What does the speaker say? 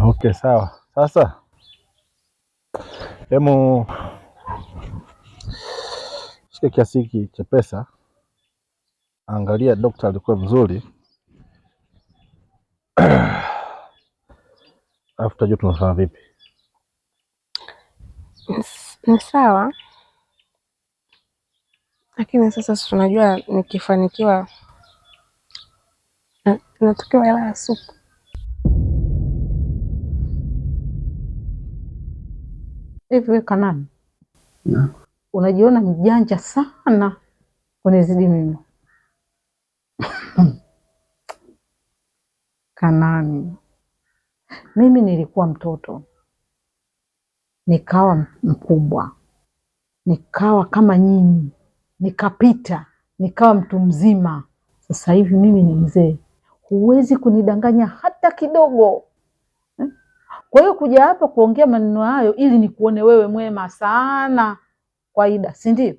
okay, sawa. Sasa hemu shika kiasi hiki cha pesa, angalia dokta alikuwa mzuri, alafu tutajua tunafanya vipi. Ni sawa, lakini sasa tunajua nikifanikiwa natokewa hela ya supu Hivi Kanani, unajiona mjanja sana kunizidi mimi Kanani, mimi nilikuwa mtoto nikawa mkubwa nikawa kama nyinyi nikapita nikawa mtu mzima. Sasa hivi mimi ni mzee, huwezi kunidanganya hata kidogo. Kwa hiyo kuja hapa kuongea maneno hayo ili nikuone wewe mwema sana kwa Ida, si ndio?